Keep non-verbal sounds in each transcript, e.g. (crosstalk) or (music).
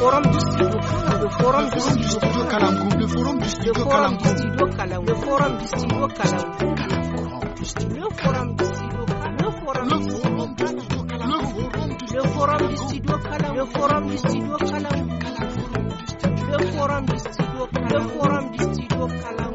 forum du studio le forum du studio le forum du studio le forum du studio Kalam. le forum du studio Kalam. le forum du studio le forum du studio Kalam. le forum du studio forum, le forum du studio le forum du studio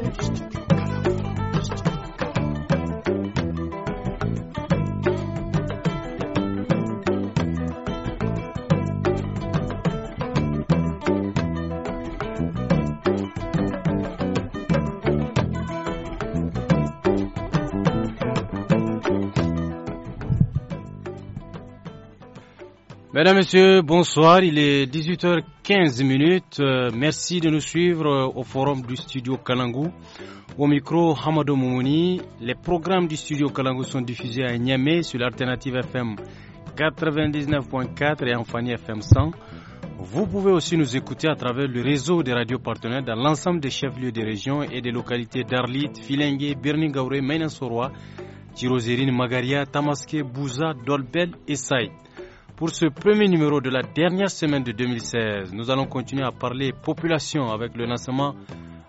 Mesdames, Messieurs, bonsoir. Il est 18h15 minutes. Euh, merci de nous suivre euh, au forum du studio Kalangou. Au micro, Hamadou Moumouni. Les programmes du studio Kalangou sont diffusés à Niamey sur l'alternative FM 99.4 et en Fanny FM 100. Vous pouvez aussi nous écouter à travers le réseau des radios partenaires dans l'ensemble des chefs-lieux des régions et des localités d'Arlit, Filengue, Birningaure, Mainensoroa, Tirozérine, Magaria, Tamaské, Bouza, Dolbel et Saïd. Pour ce premier numéro de la dernière semaine de 2016, nous allons continuer à parler population avec le lancement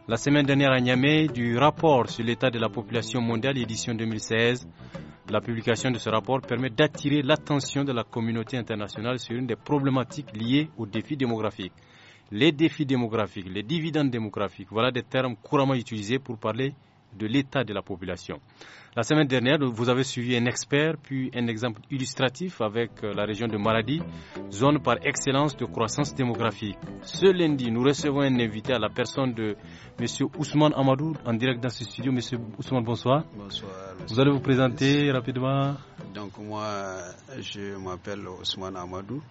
la semaine dernière à Niamey du rapport sur l'état de la population mondiale édition 2016. La publication de ce rapport permet d'attirer l'attention de la communauté internationale sur une des problématiques liées aux défis démographiques. Les défis démographiques, les dividendes démographiques, voilà des termes couramment utilisés pour parler de l'état de la population. La semaine dernière, vous avez suivi un expert, puis un exemple illustratif avec euh, la région de Maradi, zone par excellence de croissance démographique. Ce lundi, nous recevons un invité à la personne de M. Ousmane Amadou, en direct dans ce studio. M. Ousmane, bonsoir. Bonsoir. Vous allez vous présenter rapidement. Donc moi, je m'appelle Ousmane Amadou.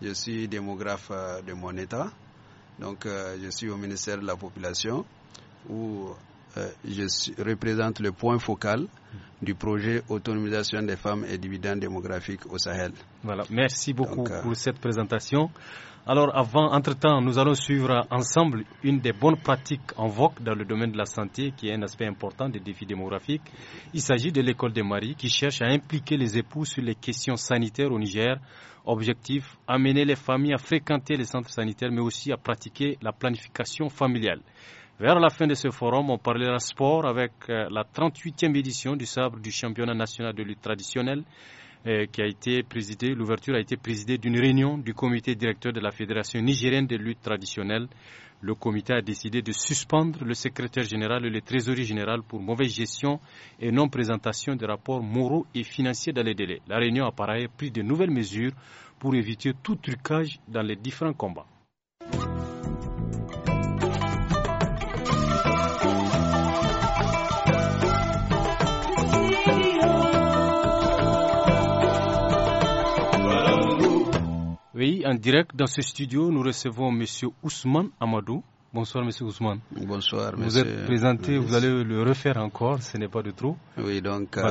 Je suis démographe euh, de mon État. Donc euh, je suis au ministère de la Population où euh, je représente le point focal du projet Autonomisation des femmes et dividendes démographiques au Sahel. Voilà, merci beaucoup euh, pour cette présentation. Alors avant, entre-temps, nous allons suivre ensemble une des bonnes pratiques en vogue dans le domaine de la santé qui est un aspect important des défis démographiques. Il s'agit de l'école des maris qui cherche à impliquer les époux sur les questions sanitaires au Niger. Objectif, amener les familles à fréquenter les centres sanitaires mais aussi à pratiquer la planification familiale. Vers la fin de ce forum, on parlera sport avec euh, la 38e édition du sabre du championnat national de lutte traditionnelle euh, qui a été présidée, l'ouverture a été présidée d'une réunion du comité directeur de la Fédération nigérienne de lutte traditionnelle. Le comité a décidé de suspendre le secrétaire général et le trésorier général pour mauvaise gestion et non-présentation de rapports moraux et financiers dans les délais. La réunion a par ailleurs pris de nouvelles mesures pour éviter tout trucage dans les différents combats. direct dans ce studio. Nous recevons M. Ousmane Amadou. Bonsoir, Monsieur Ousmane. Bonsoir, Vous êtes présenté, vous allez le refaire encore, ce n'est pas de trop. Oui, donc euh,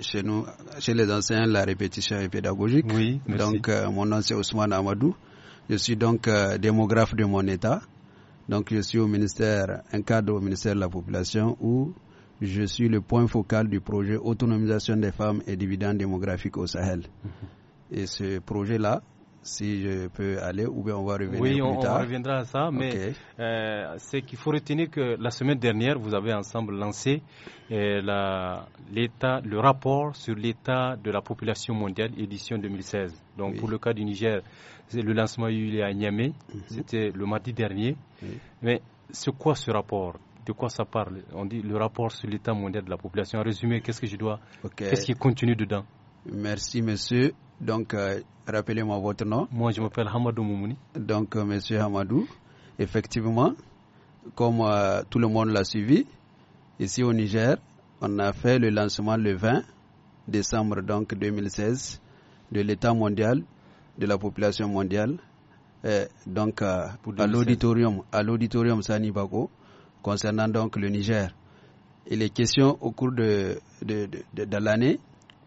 chez nous, chez les enseignants, la répétition est pédagogique. Oui, merci. Donc, euh, mon nom c'est Ousmane Amadou. Je suis donc euh, démographe de mon État. Donc, je suis au ministère, un cadre au ministère de la Population où je suis le point focal du projet Autonomisation des femmes et dividendes démographiques au Sahel. Mhm. Et ce projet-là, si je peux aller, ou bien on va revenir plus on, Oui, on reviendra à ça, mais euh, c'est qu'il faut retenir que la semaine dernière, vous avez ensemble lancé euh, le rapport sur l'état de la population mondiale, édition 2016. Donc, pour le cas du Niger, le lancement a eu lieu à Niamey, mhm. c'était le mardi dernier. Mais c'est quoi ce rapport de quoi ça parle On dit le rapport sur l'état mondial de la population. En résumé, qu'est-ce que je dois Qu'est-ce qui continue dedans Merci, monsieur. Donc, euh, rappelez-moi votre nom. Moi, je m'appelle Hamadou Moumouni. Donc, euh, monsieur Hamadou, effectivement, comme euh, tout le monde l'a suivi, ici au Niger, on a fait le lancement le 20 décembre donc 2016 de l'État mondial, de la population mondiale, à l'auditorium, à l'auditorium concernant donc le Niger. Et les questions au cours de l'année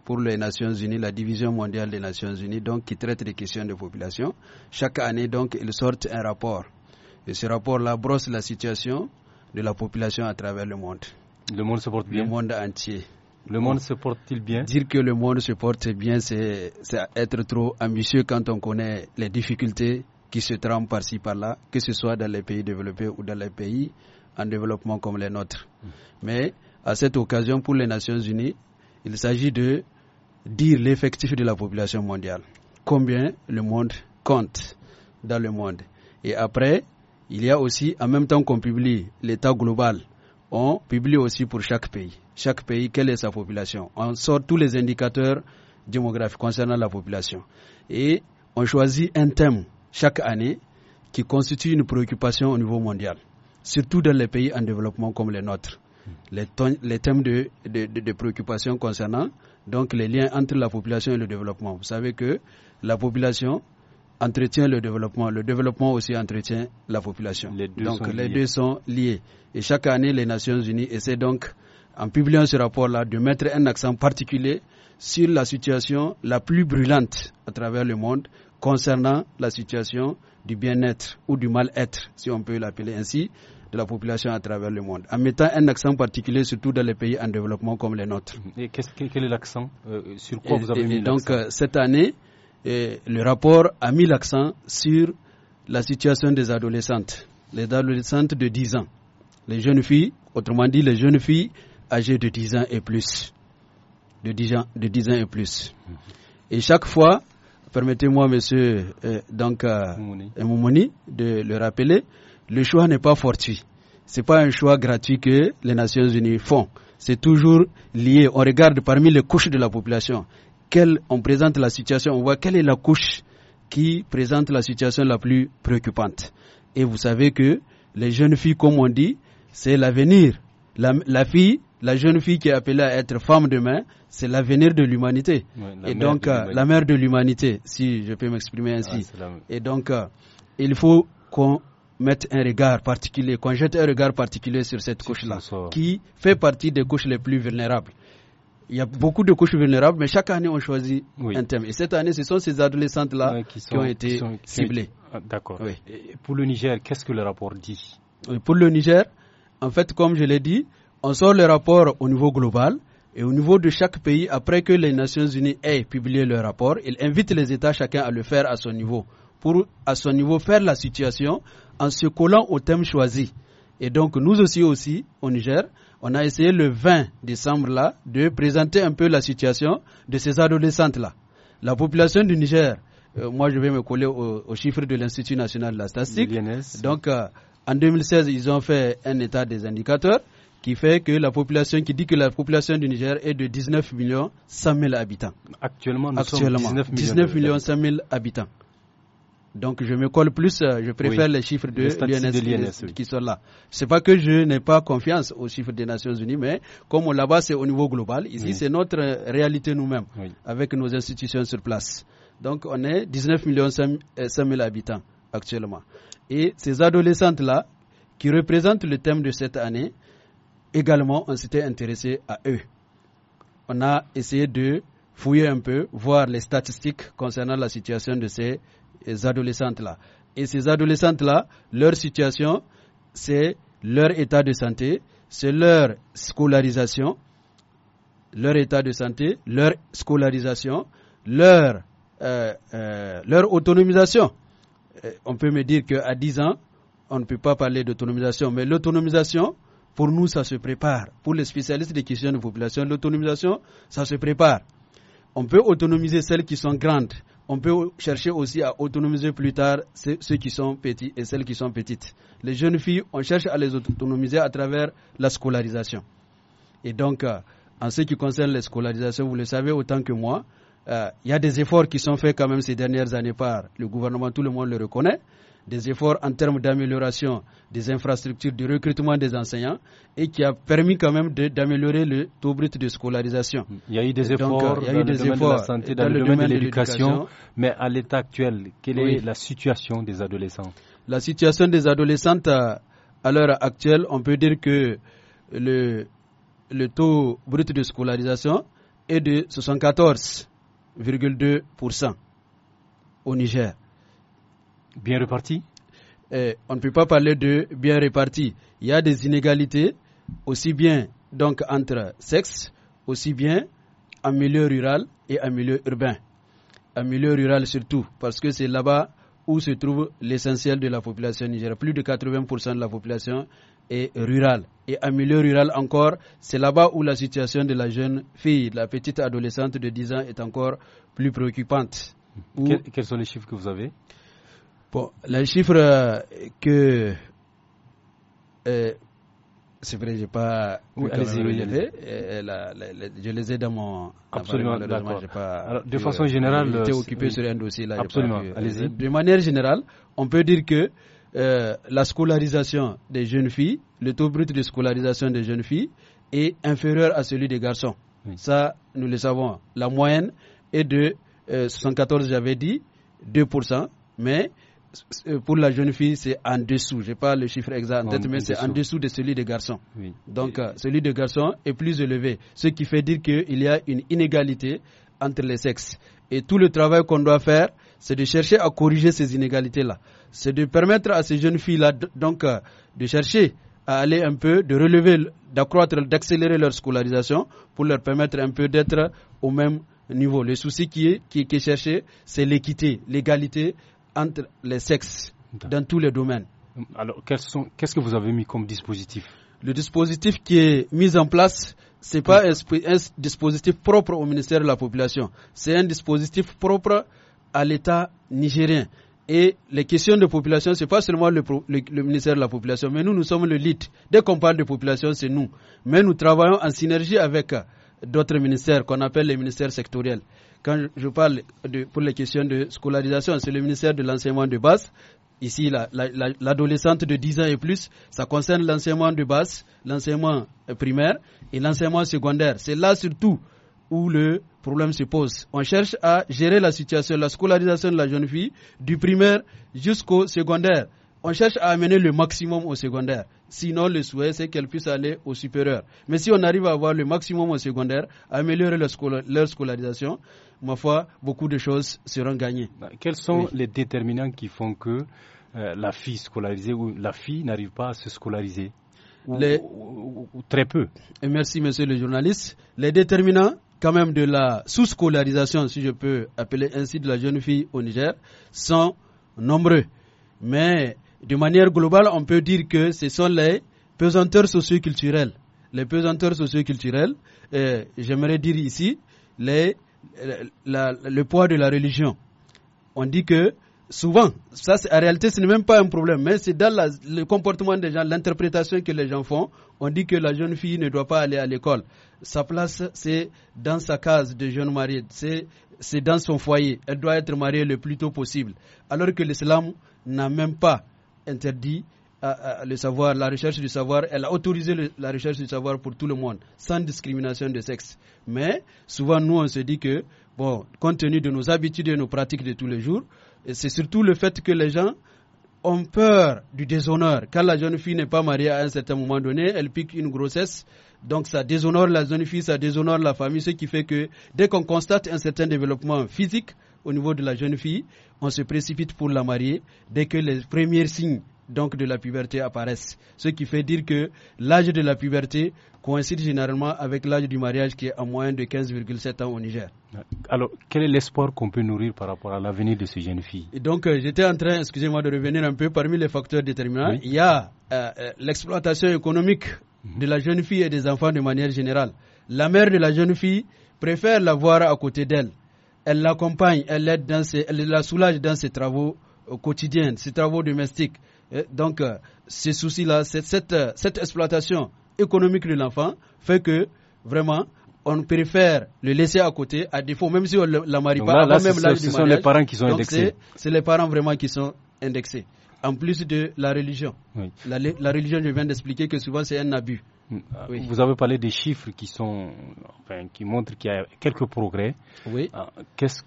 pour les Nations Unies, la division mondiale des Nations Unies, donc qui traite des questions de population. Chaque année, donc, ils sortent un rapport. Et ce rapport-là brosse la situation de la population à travers le monde. Le monde se porte bien. Le monde entier. Le monde se porte-t-il bien Dire que le monde se porte bien, c'est être trop ambitieux quand on connaît les difficultés qui se trament par-ci par-là, que ce soit dans les pays développés ou dans les pays en développement comme les nôtres. Mmh. Mais à cette occasion, pour les Nations Unies, il s'agit de dire l'effectif de la population mondiale, combien le monde compte dans le monde. Et après, il y a aussi, en même temps qu'on publie l'état global, on publie aussi pour chaque pays. Chaque pays, quelle est sa population On sort tous les indicateurs démographiques concernant la population. Et on choisit un thème chaque année qui constitue une préoccupation au niveau mondial, surtout dans les pays en développement comme les nôtres. Les, thèmes de, de préoccupation concernant donc les liens entre la population et le développement. Vous savez que la population entretient le développement, le développement aussi entretient la population. donc les deux sont liés. Et chaque année, les Nations Unies essaient donc, en publiant ce rapport-là, de mettre un accent particulier sur la situation la plus brûlante à travers le monde concernant la situation du bien-être ou du mal-être, si on peut l'appeler ainsi, la population à travers le monde, en mettant un accent particulier surtout dans les pays en développement comme les nôtres. Et est quel est l'accent euh, Sur quoi vous avez mis Donc euh, cette année, euh, le rapport a mis l'accent sur la situation des adolescentes, les adolescentes de 10 ans, les jeunes filles, autrement dit les jeunes filles âgées de 10 ans et plus. De 10 ans, de 10 ans et plus. Et chaque fois, permettez-moi, monsieur donc, de le rappeler, le choix n'est pas fortuit. C'est pas un choix gratuit que les Nations Unies font. C'est toujours lié. On regarde parmi les couches de la population. Quelle, on présente la situation, on voit quelle est la couche qui présente la situation la plus préoccupante. Et vous savez que les jeunes filles, comme on dit, c'est l'avenir. La, fille la jeune fille qui est appelée à être femme demain, c'est l'avenir de l'humanité. et donc, euh, la mère de l'humanité, si je peux m'exprimer ainsi. Ah, et donc, euh, il faut qu'on mettre un regard particulier, qu'on jette un regard particulier sur cette couche-là, qui fait partie des couches les plus vulnérables. Il y a beaucoup de couches vulnérables, mais chaque année, on choisit un thème. Et cette année, ce sont ces adolescentes-là qui, ont été ciblées. Ah, d'accord. Pour le Niger, qu'est-ce que le rapport dit Pour le Niger, en fait, comme je l'ai dit, on sort le rapport au niveau global. Et au niveau de chaque pays, après que les Nations Unies aient publié le rapport, ils invitent les États chacun à le faire à son niveau. Pour, à son niveau, faire la situation, en se collant au thème choisi. Et donc nous aussi aussi au Niger, on a essayé le 20 décembre là de présenter un peu la situation de ces adolescentes là. La population du Niger, euh, moi je vais me coller aux chiffres de l'Institut national de la statistique. Donc euh, en 2016, ils ont fait un état des indicateurs qui fait que la population, qui dit que la population du Niger est de 19 millions 100 000 habitants. Actuellement, nous sommes 19 millions, 100 habitants. Donc je me colle plus, euh, je préfère les chiffres de l'UNESCO qui sont là. C'est pas que je n'ai pas confiance aux chiffres des Nations Unies, mais comme là-bas c'est au niveau global, ici c'est notre réalité nous-mêmes avec nos institutions sur place. Donc on est 19 millions 5 000 euh, habitants actuellement. Et ces adolescentes-là, qui représentent le thème de cette année, également on s'était intéressé à eux. On a essayé de fouiller un peu, voir les statistiques concernant la situation de ces adolescentes-là. Et ces adolescentes-là, leur situation, c'est leur état de santé, c'est leur scolarisation, leur état de santé, leur scolarisation, leur, euh, euh, leur autonomisation. Euh, on peut me dire qu'à 10 ans, on ne peut pas parler d'autonomisation, mais l'autonomisation, pour nous, ça se prépare. Pour les spécialistes des questions de population, l'autonomisation, ça se prépare. On peut autonomiser celles qui sont grandes on peut chercher aussi à autonomiser plus tard ceux qui sont petits et celles qui sont petites. Les jeunes filles, on cherche à les autonomiser à travers la scolarisation. Et donc, euh, en ce qui concerne la scolarisation, vous le savez autant que moi, euh, il y a des efforts qui sont faits quand même ces dernières années par le gouvernement, tout le monde le reconnaît des efforts en termes d'amélioration des infrastructures, du recrutement des enseignants et qui a permis quand même d'améliorer le taux brut de scolarisation. Il y a eu des efforts dans le domaine de la santé, dans, le, domaine, de l'éducation, mais à l'état actuel, quelle est la situation des adolescents La situation des adolescentes à, l'heure actuelle, on peut dire que le, le taux brut de scolarisation est de 74,2% au Niger. Bien réparti eh, On ne peut pas parler de bien réparti. Il y a des inégalités, aussi bien donc entre sexes, aussi bien en milieu rural et en milieu urbain. En milieu rural surtout, parce que c'est là-bas où se trouve l'essentiel de la population nigérienne. Plus de 80% de la population est rurale. Et en milieu rural encore, c'est là-bas où la situation de la jeune fille, de la petite adolescente de 10 ans est encore plus préoccupante. Quels sont les chiffres que vous avez Bon, les chiffres que. Euh, c'est vrai, j'ai pas. allez-y, euh, je les ai dans mon. Absolument, d'accord. de façon euh, générale. J'étais occupé sur un dossier là. Absolument, De manière générale, on peut dire que la scolarisation des jeunes filles, le taux brut de scolarisation des jeunes filles est inférieur à celui des garçons. Ça, nous le savons. La moyenne est de 114, 74, j'avais dit, 2%, mais euh, pour la jeune fille, c'est en dessous. Je n'ai pas le chiffre exact mais c'est en dessous de celui des garçons. Donc, euh, celui des garçons est plus élevé. Ce qui fait dire qu'il y a une inégalité entre les sexes. Et tout le travail qu'on doit faire, c'est de chercher à corriger ces inégalités-là. C'est de permettre à ces jeunes filles-là, donc, euh, de chercher à aller un peu, de relever, d'accroître, d'accélérer leur scolarisation pour leur permettre un peu d'être au même niveau. Le souci qui est cherché, c'est l'équité, l'égalité entre les sexes dans tous les domaines. Alors, qu'est-ce que vous avez mis comme dispositif Le dispositif qui est mis en place, ce n'est pas un, dispositif propre au ministère de la Population, c'est un dispositif propre à l'État nigérien. Et les questions de population, ce n'est pas seulement le, le, ministère de la Population, mais nous, nous sommes le lead. Dès qu'on parle de population, c'est nous. Mais nous travaillons en synergie avec d'autres ministères qu'on appelle les ministères sectoriels. Quand je parle pour les questions de scolarisation, c'est le ministère de l'enseignement de base. Ici, l'adolescente de 10 ans et plus, ça concerne l'enseignement de base, l'enseignement euh, primaire et l'enseignement secondaire. C'est là surtout où le problème se pose. On cherche à gérer la situation, la scolarisation de la jeune fille, du primaire jusqu'au secondaire. On cherche à amener le maximum au secondaire. Sinon, le souhait, c'est qu'elle puisse aller au supérieur. Mais si on arrive à avoir le maximum au secondaire, améliorer leur scolarisation, ma foi, beaucoup de choses seront gagnées. Bah, quels sont les déterminants qui font que euh, la fille scolarisée ou la fille n'arrive pas à se scolariser ou, très peu. Et merci, monsieur le journaliste. Les déterminants, quand même, de la sous-scolarisation, si je peux appeler ainsi, de la jeune fille au Niger, sont nombreux. Mais de manière globale, on peut dire que ce sont les pesanteurs socioculturels. Les pesanteurs socioculturels, j'aimerais dire ici, les le poids de la religion. On dit que souvent, ça en réalité ce n'est même pas un problème, mais c'est dans le comportement des gens, l'interprétation que les gens font, on dit que la jeune fille ne doit pas aller à l'école. Sa place, c'est dans sa case de jeune mariée c'est dans son foyer. Elle doit être mariée le plus tôt possible. Alors que l'islam n'a même pas interdit le savoir, la recherche du savoir, elle a autorisé la recherche du savoir pour tout le monde, sans discrimination de sexe. Mais souvent, nous, on se dit que, bon, compte tenu de nos habitudes et nos pratiques de tous les jours, c'est surtout le fait que les gens ont peur du déshonneur. Quand la jeune fille n'est pas mariée à un certain moment donné, elle pique une grossesse. Donc ça déshonore la jeune fille, ça déshonore la famille, ce qui fait que dès qu'on constate un certain développement physique, au niveau de la jeune fille, on se précipite pour la marier. Dès que les premiers signes donc de la puberté apparaissent. Ce qui fait dire que l'âge de la puberté coïncide généralement avec l'âge du mariage qui est en moyenne de 15,7 ans au Niger. Alors, quel est l'espoir qu'on peut nourrir par rapport à l'avenir de ces jeunes filles Donc, euh, j'étais en train, excusez-moi de revenir un peu, parmi les facteurs déterminants, il y a euh, euh, l'exploitation économique mhm. de la jeune fille et des enfants de manière générale. La mère de la jeune fille préfère la voir à côté d'elle. Elle l'accompagne, elle l'aide dans ses, elle la soulage dans ses travaux quotidiens, ses travaux domestiques. Donc, euh, ces soucis-là, cette, euh, cette exploitation économique de l'enfant fait que vraiment, on préfère le laisser à côté, à défaut, même si on ne la marie pas, même Ce sont les parents qui sont Donc indexés. C'est les parents vraiment qui sont indexés en plus de la religion. La, religion, je viens d'expliquer que souvent c'est un abus. Mm, euh, vous avez parlé des chiffres qui sont, qui montrent qu'il y a quelques progrès. Oui. Euh, qu'est-ce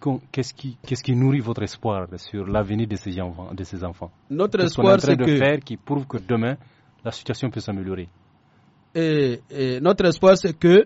qui, qui, nourrit votre espoir sur l'avenir de ces enfants, de ces enfants Notre espoir, c'est que faire qui prouve que demain la situation peut s'améliorer. Et, et, notre espoir, c'est que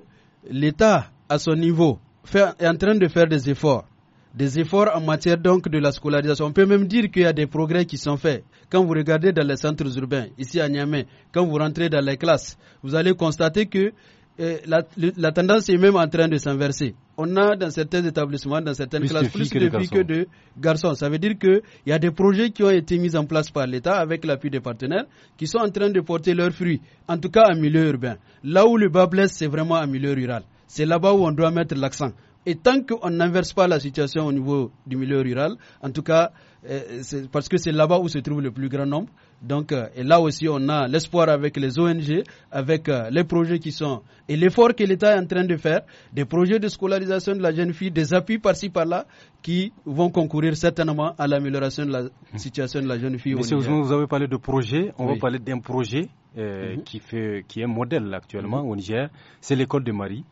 l'État, à son niveau, fait, est en train de faire des efforts des efforts en matière donc de la scolarisation. On peut même dire qu'il y a des progrès qui sont faits. Quand vous regardez dans les centres urbains, ici à Niamey, quand vous rentrez dans les classes, vous allez constater que euh, la, tendance est même en train de s'inverser. On a dans certains établissements, dans certaines classes, plus de filles que de garçons. Ça veut dire qu'il y a des projets qui ont été mis en place par l'État avec l'appui des partenaires qui sont en train de porter leurs fruits, en tout cas en milieu urbain. Là où le bas blesse, c'est vraiment en milieu rural. C'est là-bas où on doit mettre l'accent. Et tant qu'on n'inverse pas la situation au niveau du milieu rural, en tout cas, euh, parce que c'est là-bas où se trouve le plus grand nombre. Donc, euh, et là aussi, on a l'espoir avec les ONG, avec euh, les projets qui sont, et l'effort que l'État est en train de faire, des projets de scolarisation de la jeune fille, des appuis par-ci par-là, qui vont concourir certainement à l'amélioration de la situation de la jeune fille. au Monsieur, vous avez parlé de projet, on va parler d'un projet mhm. qui, fait, qui est modèle actuellement mhm. au Niger, c'est l'école de Marie.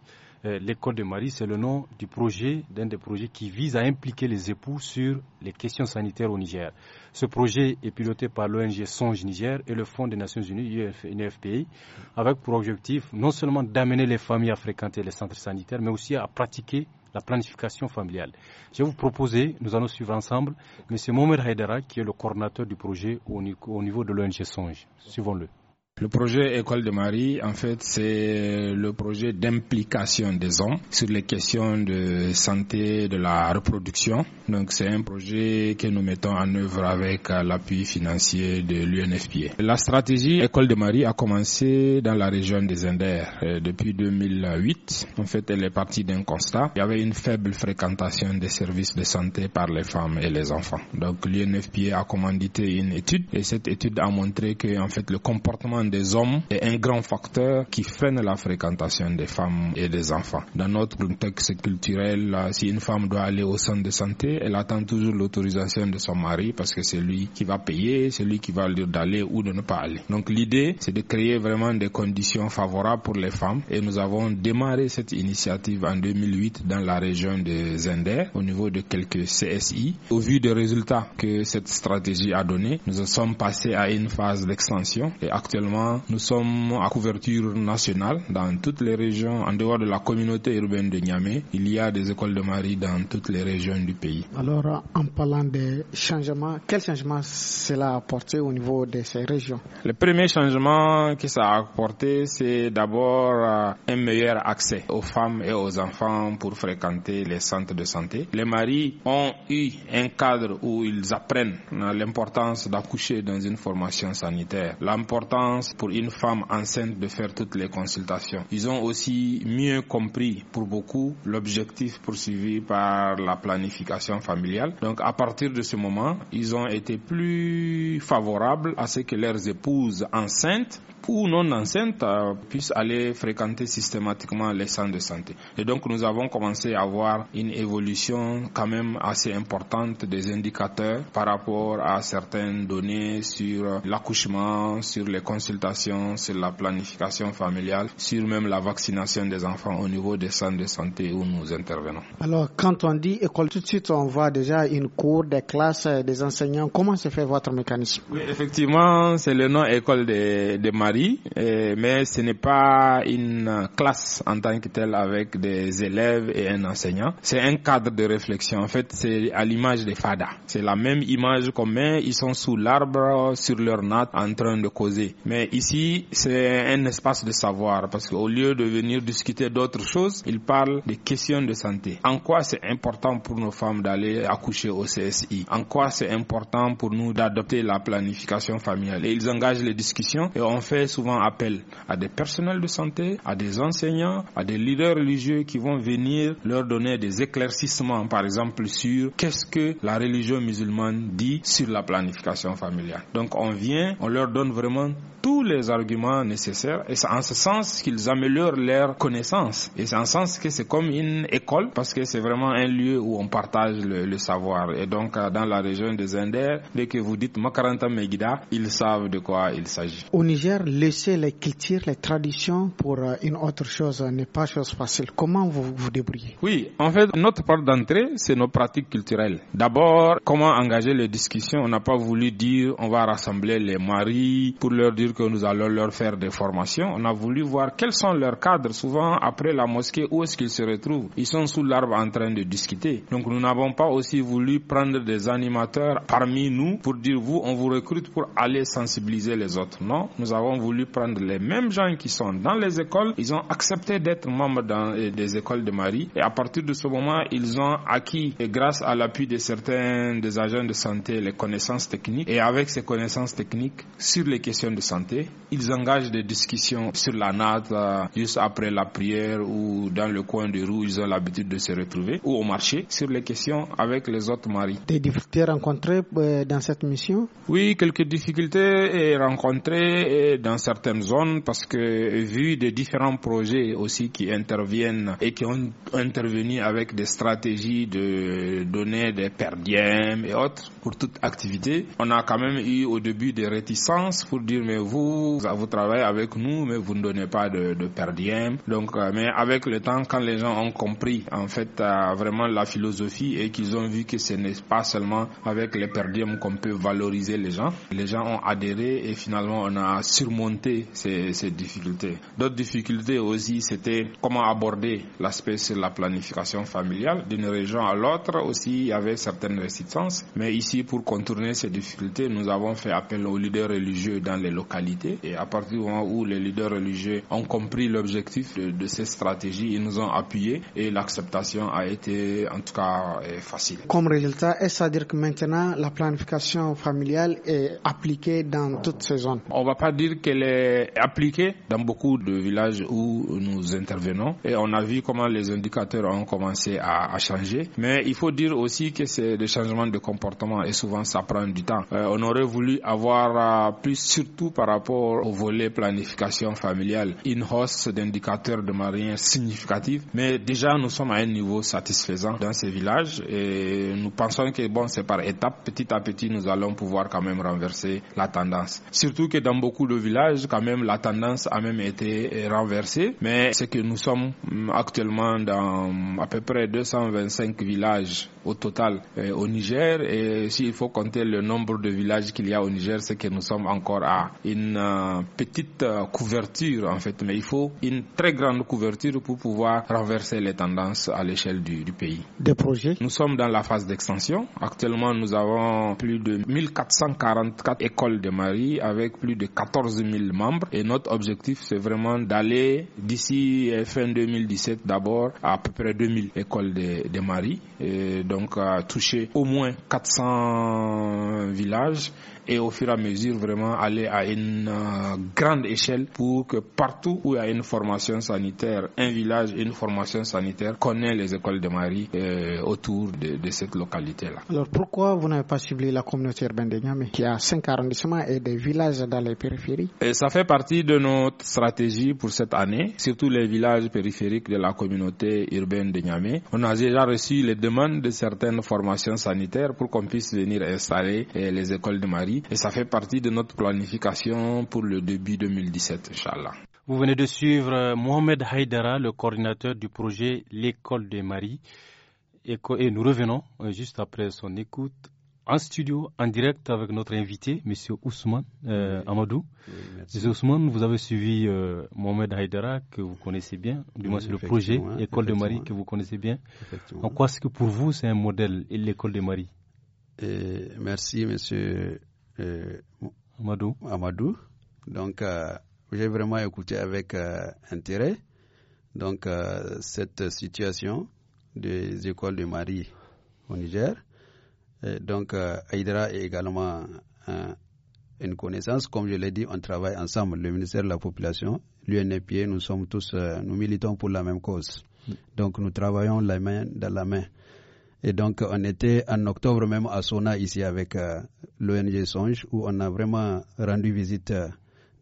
Euh, l'école de Marie, c'est le nom du projet, d'un des projets qui vise à impliquer les époux sur les questions sanitaires au Niger. Ce projet est piloté par l'ONG Songe Niger et le Fonds des Nations Unies, UNFPI, avec pour objectif non seulement d'amener les familles à fréquenter les centres sanitaires, mais aussi à pratiquer la planification familiale. Je vais vous proposer, nous allons suivre ensemble, M. Mohamed Haidara, qui est le coordinateur du projet au niveau de l'ONG Songe. Suivons-le. Le projet École de Marie, en fait, c'est le projet d'implication des hommes sur les questions de santé, de la reproduction. Donc, c'est un projet que nous mettons en œuvre avec euh, l'appui financier de l'UNFPA. La stratégie École de Marie a commencé dans la région des Indères euh, depuis 2008. En fait, elle est partie d'un constat. Il y avait une faible fréquentation des services de santé par les femmes et les enfants. Donc, l'UNFPA a commandité une étude et cette étude a montré que, en fait, le comportement des hommes est un grand facteur qui freine la fréquentation des femmes et des enfants. Dans notre contexte culturel, si une femme doit aller au centre de santé, elle attend toujours l'autorisation de son mari parce que c'est lui qui va payer, c'est lui qui va lui d'aller ou de ne pas aller. Donc l'idée, c'est de créer vraiment des conditions favorables pour les femmes et nous avons démarré cette initiative en 2008 dans la région de Zender au niveau de quelques CSI. Au vu des résultats que cette stratégie a donné, nous sommes passés à une phase d'extension et actuellement nous sommes à couverture nationale dans toutes les régions, en dehors de la communauté urbaine de Niamey. Il y a des écoles de Marie dans toutes les régions du pays. Alors, en parlant des changements, quels changements cela a apporté au niveau de ces régions Le premier changement que ça a apporté, c'est d'abord euh, un meilleur accès aux femmes et aux enfants pour fréquenter les centres de santé. Les maris ont eu un cadre où ils apprennent euh, l'importance d'accoucher dans une formation sanitaire, l'importance pour une femme enceinte de faire toutes les consultations. Ils ont aussi mieux compris pour beaucoup l'objectif poursuivi par la planification familiale. Donc à partir de ce moment, ils ont été plus favorables à ce que leurs épouses enceintes ou non enceintes euh, puissent aller fréquenter systématiquement les centres de santé. Et donc nous avons commencé à voir une évolution quand même assez importante des indicateurs par rapport à certaines données sur l'accouchement, sur les consultations, sur la planification familiale, sur même la vaccination des enfants au niveau des centres de santé où nous intervenons. Alors quand on dit école, tout de suite on voit déjà une cour, des classes, euh, des enseignants. Comment se fait votre mécanisme Oui, effectivement, c'est le nom école des, des eh, mais ce n'est pas une classe en tant que telle avec des élèves et un enseignant. C'est un cadre de réflexion. En fait, c'est à l'image des FADA. C'est la même image qu'on met. Ils sont sous l'arbre, sur leur natte, en train de causer. Mais ici, c'est un espace de savoir parce qu'au lieu de venir discuter d'autres choses, ils parlent des questions de santé. En quoi c'est important pour nos femmes d'aller accoucher au CSI En quoi c'est important pour nous d'adopter la planification familiale Et ils engagent les discussions et on fait souvent appel à des personnels de santé, à des enseignants, à des leaders religieux qui vont venir leur donner des éclaircissements, par exemple, sur qu'est-ce que la religion musulmane dit sur la planification familiale. Donc on vient, on leur donne vraiment tous les arguments nécessaires et c'est en ce sens qu'ils améliorent leurs connaissances et c'est en ce sens que c'est comme une école parce que c'est vraiment un lieu où on partage le, savoir et donc euh, dans la région des indes dès que vous dites Makaranta Megida ils savent de quoi il s'agit. Au Niger laisser les cultures, les traditions pour euh, une autre chose n'est pas chose facile. Comment vous vous débrouillez Oui, en fait, notre porte d'entrée, c'est nos pratiques culturelles. D'abord, comment engager les discussions On n'a pas voulu dire on va rassembler les maris pour leur dire que nous allons leur faire des formations. On a voulu voir quels sont leurs cadres. Souvent, après la mosquée, où est-ce qu'ils se retrouvent Ils sont sous l'arbre en train de discuter. Donc, nous n'avons pas aussi voulu prendre des animateurs parmi nous pour dire vous, on vous recrute pour aller sensibiliser les autres. Non, nous avons voulu prendre les mêmes gens qui sont dans les écoles, ils ont accepté d'être membres dans, euh, des écoles de Marie. Et à partir de ce moment, ils ont acquis, grâce à l'appui de certains des agents de santé, les connaissances techniques. Et avec ces connaissances techniques sur les questions de santé, ils engagent des discussions sur la natte, euh, juste après la prière ou dans le coin de rue, ils ont l'habitude de se retrouver, ou au marché, sur les questions avec les autres maris. Des difficultés rencontrées euh, dans cette mission Oui, quelques difficultés rencontrées dans dans certaines zones parce que vu des différents projets aussi qui interviennent et qui ont intervenu avec des stratégies de donner des perdièmes et autres pour toute activité, on a quand même eu au début des réticences pour dire mais vous, vous travaillez avec nous mais vous ne donnez pas de, de perdièmes. Donc, euh, mais avec le temps, quand les gens ont compris en fait euh, vraiment la philosophie et qu'ils ont vu que ce n'est pas seulement avec les perdièmes qu'on peut valoriser les gens, les gens ont adhéré et finalement on a surmonté monter ces, difficultés. D'autres difficultés aussi, c'était comment aborder l'aspect sur la planification familiale d'une région à l'autre aussi, il y avait certaines résistances. Mais ici, pour contourner ces difficultés, nous avons fait appel aux leaders religieux dans les localités. Et à partir du moment où les leaders religieux ont compris l'objectif de, ces stratégies, ils nous ont appuyés et l'acceptation a été en tout cas eh, facile. Comme résultat, est-ce à dire que maintenant la planification familiale est appliquée dans toutes ces zones On va pas dire que est appliquée dans beaucoup de villages où nous intervenons. Et on a vu comment les indicateurs ont commencé à, changer. Mais il faut dire aussi que c'est des changements de comportement et souvent ça prend du temps. Euh, on aurait voulu avoir euh, plus, surtout par rapport au volet planification familiale, une hausse d'indicateurs de manière significative. Mais déjà, nous sommes à un niveau satisfaisant dans ces villages et nous pensons que bon, c'est par étapes, petit à petit, nous allons pouvoir quand même renverser la tendance. Surtout que dans beaucoup de villages, quand même, la tendance a même été euh, renversée. Mais c'est que nous sommes mm, actuellement dans à peu près 225 villages au total euh, au Niger. Et s'il faut compter le nombre de villages qu'il y a au Niger, c'est que nous sommes encore à une euh, petite couverture, en fait. Mais il faut une très grande couverture pour pouvoir renverser les tendances à l'échelle du, du pays. Des projets Nous sommes dans la phase d'extension. Actuellement, nous avons plus de 1444 écoles de Marie avec plus de 14 000 membres et notre objectif c'est vraiment d'aller d'ici euh, fin 2017 d'abord à, peu près 2000 écoles de, de Marie donc à toucher au moins 400 villages et au fur et à mesure vraiment aller à une euh, grande échelle pour que partout où il y a une formation sanitaire, un village, une formation sanitaire, qu'on les écoles de Marie euh, autour de, de cette localité-là. Alors pourquoi vous n'avez pas ciblé la communauté urbaine de Niamey qui a cinq arrondissements et des villages dans les périphéries et Ça fait partie de notre stratégie pour cette année, surtout les villages périphériques de la communauté urbaine de Niamey. On a déjà reçu les demandes de certaines formations sanitaires pour qu'on puisse venir installer euh, les écoles de Marie et ça fait partie de notre planification pour le début 2017, Inch'Allah. Vous venez de suivre euh, Mohamed Haidara, le coordinateur du projet L'école des maris. Et nous revenons euh, juste après son écoute en studio, en direct avec notre invité, M. Ousmane euh, Amadou. M. Ousmane, vous avez suivi Mohamed Haïdara, que vous connaissez bien, du moins le projet hein, École de Marie, que vous connaissez bien. En quoi est-ce que pour vous c'est un modèle, l'école de Marie Merci, M. Euh, Amadou. Amadou. Donc, euh, j'ai vraiment écouté avec euh, intérêt donc, cette situation des écoles de Marie au Niger. donc, Aïdra est également une connaissance. Comme je l'ai dit, on travaille ensemble, le ministère de la Population, l'UNP, nous sommes tous, nous militons pour la même cause. Mm. Donc, nous travaillons la main dans la main. Et donc, on était en octobre même à Sona, ici, avec euh, l'ONG Songe, où on a vraiment rendu visite. Euh,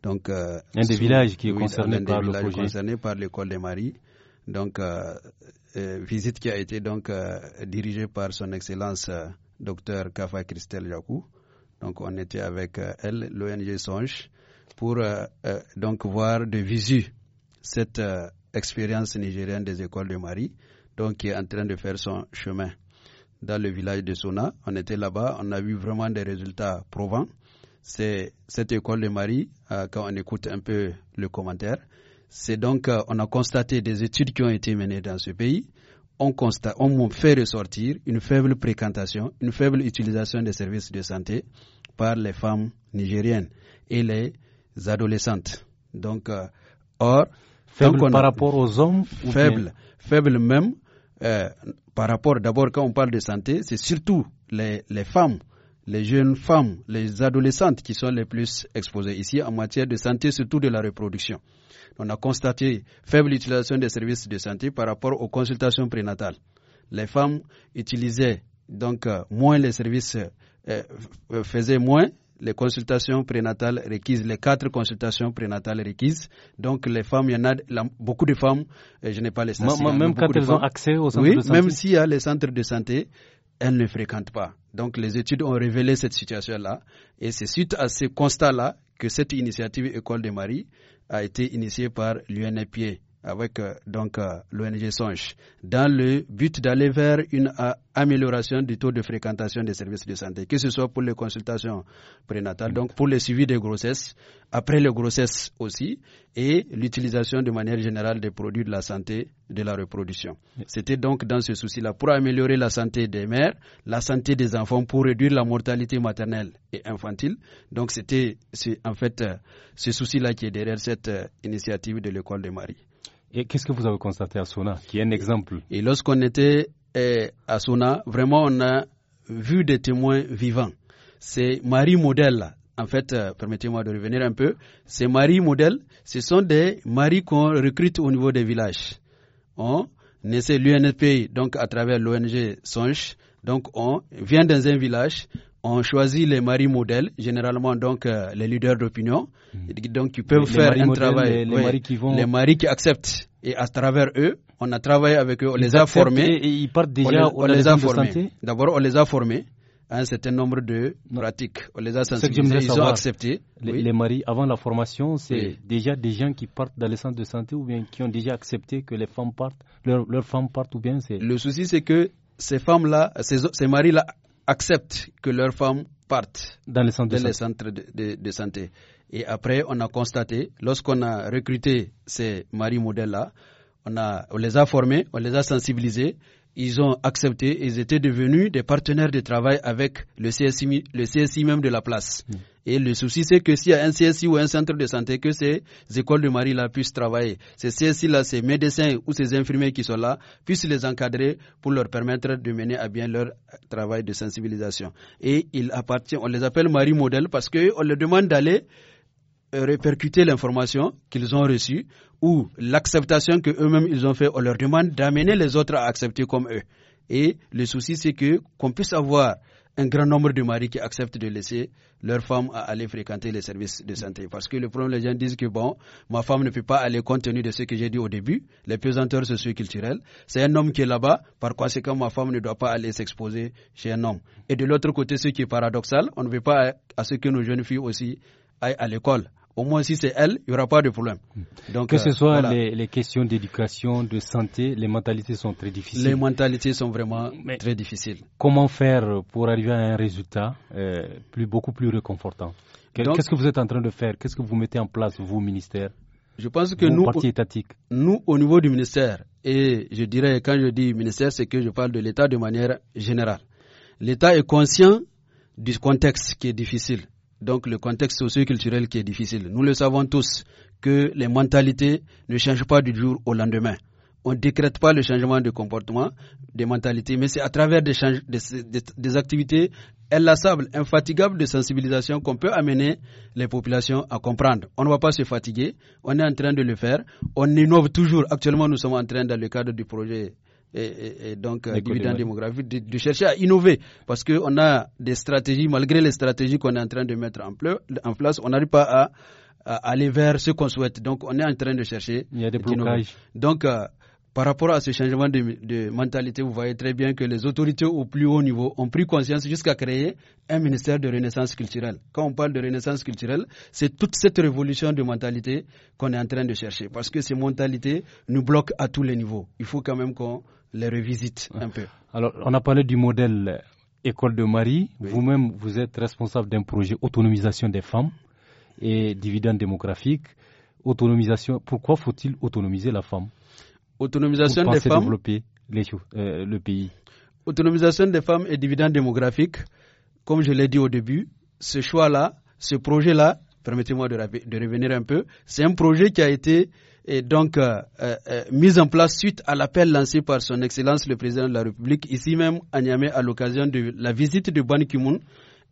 donc, euh, un des villages qui est concerné, par l'école de Marie. Donc, visite qui a été donc dirigée par son excellence docteur Kafa Christel Jakou. Donc, on était avec elle, l'ONG Songe, pour donc voir de visu cette expérience nigérienne des écoles de Marie, donc qui est en train de faire son chemin dans le village de Sona. On était là-bas, on a vu vraiment des résultats probants. C'est cette école de Marie, euh, quand on écoute un peu le commentaire, c'est donc, euh, on a constaté des études qui ont été menées dans ce pays. On, constate, on fait ressortir une faible fréquentation, une faible utilisation des services de santé par les femmes nigériennes et les adolescentes. Donc, euh, or, faible par rapport aux hommes, faible, faible même euh, par rapport d'abord quand on parle de santé, c'est surtout les, femmes, les jeunes femmes, les adolescentes qui sont les plus exposées ici en matière de santé, surtout de la reproduction. On a constaté faible utilisation des services de santé par rapport aux consultations prénatales. Les femmes utilisaient donc euh, moins les services, euh, faisaient moins les consultations prénatales requises, les quatre consultations prénatales requises. Donc, les femmes, il y en a beaucoup de femmes, je n'ai pas les statistiques. Même quand elles ont accès aux centres de santé. Même s'il y a les centres de santé, elles ne fréquentent pas. Donc, les études ont révélé cette situation-là. Et c'est suite à ce constat-là que cette initiative École de Marie a été initiée par l'UNEPIE avec euh, donc euh, l'ONG Songe dans le but d'aller vers une euh, amélioration du taux de fréquentation des services de santé, que ce soit pour les consultations prénatales, donc pour le suivi des grossesses, après les grossesses aussi, et l'utilisation de manière générale des produits de la santé de la reproduction. C'était donc dans ce souci-là pour améliorer la santé des mères, la santé des enfants, pour réduire la mortalité maternelle et infantile. Donc c'était en fait ce souci-là qui est derrière cette initiative de l'école de Marie. Et qu'est-ce que vous avez constaté à Sona, qui est un exemple Et lorsqu'on était eh, à Sona, vraiment, on a vu des témoins vivants. C'est Marie Modèle, en fait, euh, permettez-moi de revenir un peu, ces maris modèles, ce sont des maris qu'on recrute au niveau des villages. On c'est l'UNFPI, donc à travers l'ONG Songe, donc on vient dans un village, on choisit les maris modèles, généralement donc euh, les leaders d'opinion, hmm. donc qui peuvent faire un travail. Les, maris qui vont... les maris qui acceptent. Et à travers eux, on a travaillé avec eux, on les a formés. Et, ils partent déjà on, on les a formés. D'abord, on les a formés un certain nombre de pratiques. On les a sensibilisés, ils ont accepté. Les, maris, avant la formation, c'est déjà des gens qui partent dans les centres de santé ou bien qui ont déjà accepté que les femmes partent, leurs femmes partent ou bien c'est... Le souci, c'est que ces femmes-là, ces, ces maris-là acceptent que leurs femmes partent dans les centres, de, santé. Et après, on a constaté, lorsqu'on a recruté ces maris modèles-là, on, les a formés, on les a sensibilisés, ils ont accepté, ils étaient devenus des partenaires de travail avec le CSI, le même de la place. Mmh. Et le souci, c'est que s'il y a un CSI ou un centre de santé, que ces écoles de mari là puissent travailler. Ces CSI-là, ces médecins ou ces infirmiers qui sont là, puissent les encadrer pour leur permettre de mener à bien leur travail de sensibilisation. Et il appartient, on les appelle mari modèle parce qu'on leur demande d'aller euh, répercuter l'information qu'ils ont reçue ou l'acceptation que eux-mêmes ils ont fait, on leur demande d'amener les autres à accepter comme eux. Et le souci, c'est que qu'on puisse avoir un grand nombre de maris qui acceptent de laisser leur femme aller fréquenter les services de santé. Parce que le problème, les gens disent que bon, ma femme ne peut pas aller compte tenu de ce que j'ai dit au début, les pesanteurs socio-culturelles. C'est un homme qui est là-bas, par conséquent, ma femme ne doit pas aller s'exposer chez un homme. Et de l'autre côté, ce qui est paradoxal, on ne veut pas à ce que nos jeunes filles aussi aillent à l'école. Au moins, si c'est elle, il n'y aura pas de problème. Hmm. Donc, que ce euh, soit les, questions d'éducation, de santé, les mentalités sont très difficiles. Les mentalités sont vraiment très difficiles. Comment faire pour arriver à un résultat euh, plus, beaucoup plus réconfortant Qu'est-ce que vous êtes en train de faire Qu'est-ce que vous mettez en place, vous, ministère Je pense que nous, nous, au niveau du ministère, et je dirais, quand je dis ministère, c'est que je parle de l'État de manière générale. L'État est conscient du contexte qui est difficile donc le contexte socioculturel qui est difficile. Nous le savons tous que les mentalités ne changent pas du jour au lendemain. On ne décrète pas le changement de comportement, des mentalités, mais c'est à travers des, des activités inlassables, infatigables de sensibilisation qu'on peut amener les populations à comprendre. On ne va pas se fatiguer, on est en train de le faire, on innove toujours. Actuellement, nous sommes en train, dans le cadre du projet et, donc euh, démographique, de, chercher à innover. Parce qu'on a des stratégies, malgré les stratégies qu'on est en train de mettre en, place, on n'arrive pas à, aller vers ce qu'on souhaite. Donc on est en train de chercher. Il y a des blocages. Donc euh, par rapport à ce changement de, de, mentalité, vous voyez très bien que les autorités au plus haut niveau ont pris conscience jusqu'à créer un ministère de renaissance culturelle. Quand on parle de renaissance culturelle, c'est toute cette révolution de mentalité qu'on est en train de chercher, parce que ces mentalités nous bloquent à tous les niveaux. Il faut quand même qu'on les revisite un peu. Alors, on a parlé du modèle euh, École de Marie. Vous-même, vous êtes responsable d'un projet autonomisation des femmes et dividendes démographiques. Autonomisation, pourquoi faut-il autonomiser la femme Autonomisation des femmes. développer euh, le pays. Autonomisation des femmes et dividendes démographiques, comme je l'ai dit au début, ce choix-là, ce projet-là, permettez-moi de, revenir un peu, c'est un projet qui a été et donc euh, euh, euh, mise en place suite à l'appel lancé par son Excellence le Président de la République ici même à Niamey à l'occasion de la visite de Ban Ki-moon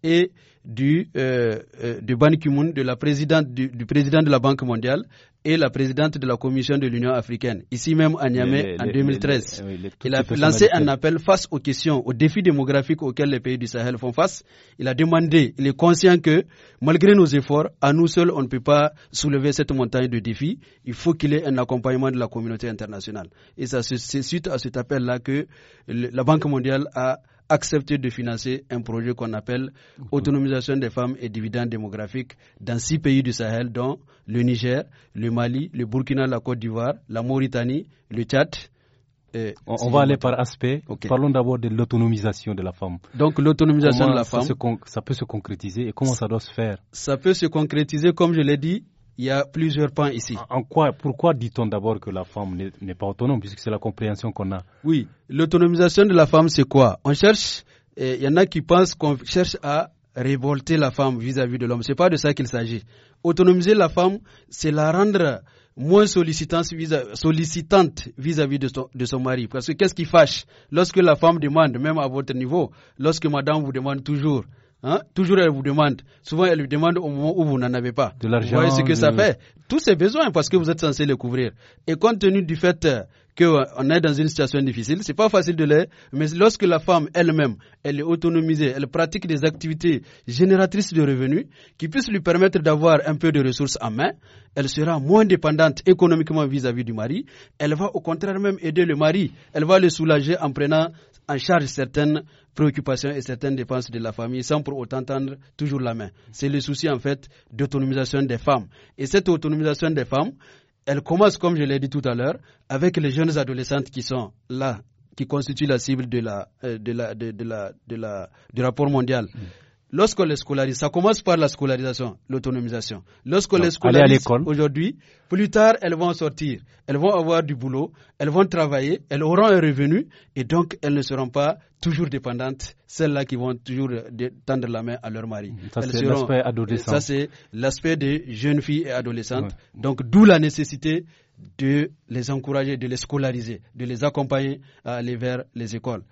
et du, de Ban Ki-moon, du, président de la Banque mondiale, et la présidente de la Commission de l'Union africaine, ici même à Niamey, en 2013. il a lancé un appel face aux questions, aux défis démographiques auxquels les pays du Sahel font face. Il a demandé, il est conscient que malgré nos efforts, à nous seuls, on ne peut pas soulever cette montagne de défis. Il faut qu'il y ait un accompagnement de la communauté internationale. Et c'est suite à cet appel-là que la Banque mondiale a accepté de financer un projet qu'on appelle Autonomisation des femmes et dividendes démographiques dans six pays du Sahel, dont le Niger, le Mali, le Burkina, la Côte d'Ivoire, la Mauritanie, le Tchad, on, va aller par aspect. Parlons d'abord de l'autonomisation de la femme. Donc l'autonomisation de la femme. ça peut se concrétiser et comment ça doit se faire Ça peut se concrétiser, comme je l'ai dit, il y a plusieurs points ici. En quoi, pourquoi dit-on d'abord que la femme n'est pas autonome, puisque c'est la compréhension qu'on a Oui, l'autonomisation de la femme, c'est quoi On cherche, eh, il y en a qui pensent qu'on cherche à révolter la femme vis-à-vis de l'homme. n'est pas de ça qu'il s'agit. Autonomiser la femme, c'est la rendre moins sollicitante vis-à-vis de, de, son, mari. Parce que qu'est-ce qui fâche Lorsque la femme demande, même à votre niveau, lorsque madame vous demande toujours, Hein, toujours, elle vous demande. Souvent, elle lui demande au moment où vous n'en avez pas. De l'argent. Vous voyez ce que ça fait. Tous ces besoins, parce que vous êtes censé les couvrir. Et compte tenu du fait qu'on euh, est dans une situation difficile, ce n'est pas facile de l'être, mais lorsque la femme elle-même, elle est autonomisée, elle pratique des activités génératrices de revenus qui puissent lui permettre d'avoir un peu de ressources en main, elle sera moins dépendante économiquement vis à -vis du mari, elle va au contraire même aider le mari, elle va le soulager en prenant en charge certaines préoccupations et certaines dépenses de la famille sans pour autant tendre toujours la main. C'est le souci en fait d'autonomisation des femmes. Et cette autonomisation des femmes, elle commence, comme je l'ai dit tout à l'heure, avec les jeunes adolescentes qui sont là, qui constituent la cible de la, euh, de la, de, la, de la, du rapport mondial. Mm. Lorsqu'on les scolarise, ça commence par la scolarisation, l'autonomisation. Lorsqu'on les scolarise aujourd'hui, plus tard, elles vont sortir, elles vont avoir du boulot, elles vont travailler, elles auront un revenu et donc elles ne seront pas toujours dépendantes, celles-là qui vont toujours euh, tendre la main à leur mari. Ça, c'est l'aspect euh, Ça, c'est l'aspect des jeunes filles et adolescentes. Donc, d'où la nécessité de les encourager, de les scolariser, de les accompagner à aller vers les écoles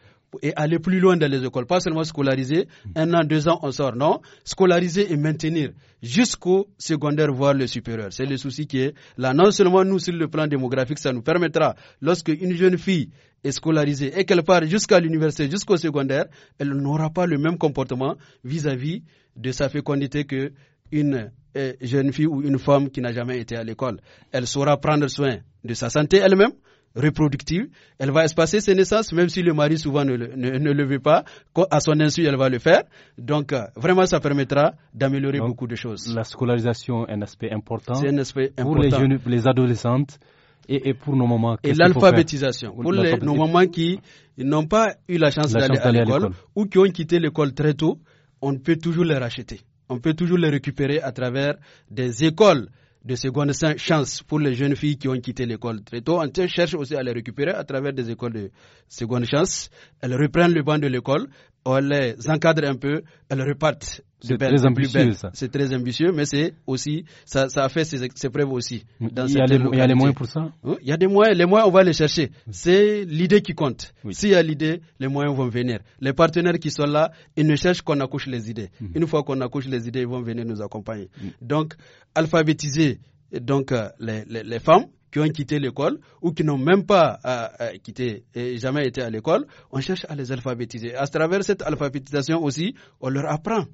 et aller plus loin dans les écoles. Pas seulement scolariser, un an, deux ans, on sort. Non, scolariser et maintenir jusqu'au secondaire, voire le supérieur. C'est le souci qui est là. Non seulement nous, sur le plan démographique, ça nous permettra, lorsque une jeune fille est scolarisée et qu'elle part jusqu'à l'université, jusqu'au secondaire, elle n'aura pas le même comportement vis-à-vis -vis de sa fécondité que une euh, jeune fille ou une femme qui n'a jamais été à l'école. Elle saura prendre soin de sa santé elle-même, reproductive. Elle va espacer ses naissances, même si le mari souvent ne le, ne, veut pas. À son insu, elle va le faire. Donc, euh, vraiment, ça permettra d'améliorer beaucoup de choses. La scolarisation est un aspect important. C'est un aspect important. Pour les jeunes, les adolescentes. Et, et, pour nos mamans. Et l'alphabétisation. Pour nos mamans qui n'ont pas eu la chance d'aller à l'école ou qui ont quitté l'école très tôt, on peut toujours les racheter. On peut toujours les récupérer à travers des écoles de seconde chance pour les jeunes filles qui ont quitté l'école très tôt. On cherche aussi à les récupérer à travers des écoles de seconde chance. Elles reprennent le banc de l'école, on les encadre un peu, elles repartent c'est très ambitieux, C'est très ambitieux, mais c'est aussi, ça, a fait ses, preuves aussi. il, y a les, il, moyens pour ça Il y a des moyens, les moyens, on va les chercher. C'est l'idée qui compte. S'il y a l'idée, les moyens vont venir. Les partenaires qui sont là, ils ne cherchent qu'on accouche les idées. Mhm. Une fois qu'on accouche les idées, ils vont venir nous accompagner. Mhm. Donc, alphabétiser donc, euh, les, femmes, qui ont quitté l'école ou qui n'ont même pas euh, euh, quitté et jamais été à l'école, on cherche à les alphabétiser. À travers cette alphabétisation aussi, on leur apprend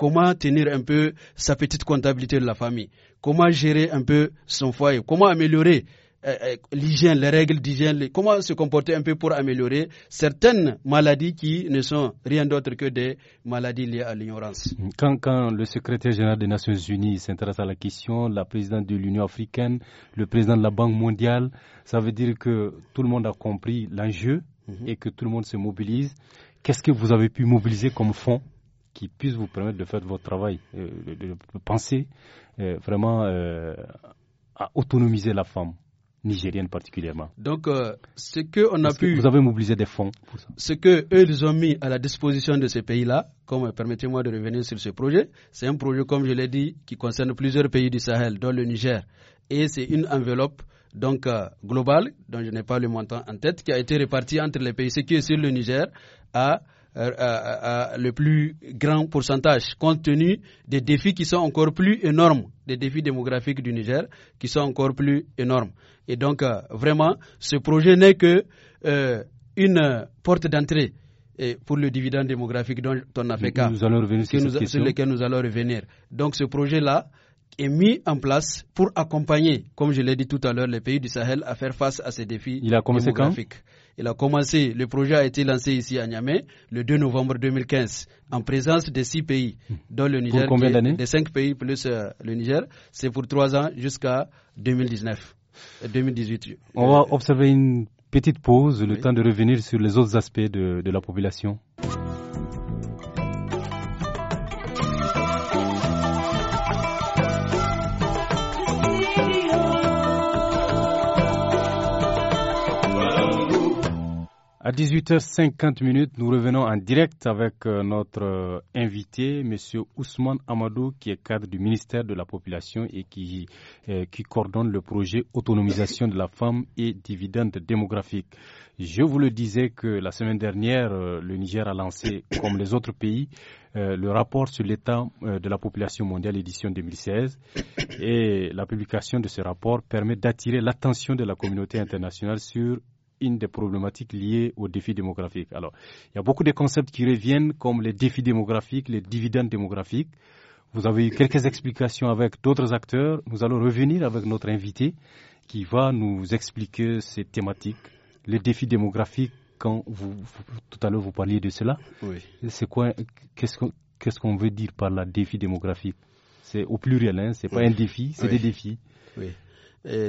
comment tenir un peu sa petite comptabilité de la famille, comment gérer un peu son foyer, comment améliorer euh, euh, l'hygiène, les règles d'hygiène, comment se comporter un peu pour améliorer certaines maladies qui ne sont rien d'autre que des maladies liées à l'ignorance. Quand, quand, le secrétaire général des Nations Unies s'intéresse à la question, la présidente de l'Union africaine, le président de la Banque mondiale, ça veut dire que tout le monde a compris l'enjeu mhm. et que tout le monde se mobilise. Qu'est-ce que vous avez pu mobiliser comme fonds qui puisse vous permettre de faire votre travail, euh, de, penser euh, vraiment euh, à autonomiser la femme nigérienne particulièrement. Donc, ce que on a pu... Vous avez mobilisé des fonds Ce que ils ont mis à la disposition de ces pays-là, comme permettez-moi de revenir sur ce projet, c'est un projet, comme je l'ai dit, qui concerne plusieurs pays du Sahel, dont le Niger. Et c'est une enveloppe donc globale, dont je n'ai pas le montant en tête, qui a été répartie entre les pays, ce qui est sur le Niger, a... Euh, euh, euh, le plus grand pourcentage, compte tenu des défis qui sont encore plus énormes, des défis démographiques du Niger, qui sont encore plus énormes. Et donc, vraiment, ce projet n'est que une porte d'entrée et pour le dividende démographique dont on a fait cas, sur, lequel nous allons revenir. Donc ce projet-là est mis en place pour accompagner, comme je l'ai dit tout à l'heure, les pays du Sahel à faire face à ces défis Il a commencé démographiques. Il a commencé, le projet a été lancé ici à Niamey le 2 novembre 2015 en présence de six pays, hmm. dont le Niger, pour combien d'années de cinq pays plus euh, le Niger. C'est pour trois ans jusqu'à 2019. 2018. Euh, On va observer une petite pause, le temps de revenir sur les autres aspects de la population. À 18h50, nous revenons en direct avec euh, notre euh, invité, M. Ousmane Amadou, qui est cadre du ministère de la Population et euh, qui, coordonne le projet Autonomisation de la femme et dividendes démographiques. Je vous le disais que la semaine dernière, le Niger a lancé, comme les autres pays, le rapport sur l'état de la population mondiale édition 2016 et la publication de ce rapport permet d'attirer l'attention de la communauté internationale sur une des problématiques liées aux défis démographiques. Alors, il y a beaucoup de concepts qui reviennent comme les défis démographiques, les dividendes démographiques. Vous avez eu quelques explications avec d'autres acteurs. Nous allons revenir avec notre invité qui va nous expliquer ces thématiques, les défis démographiques. Quand vous, tout à l'heure vous parliez de cela, oui. c'est quoi Qu'est-ce qu'on veut dire par la défi démographique C'est au pluriel, hein, c'est pas un défi, c'est des défis. Oui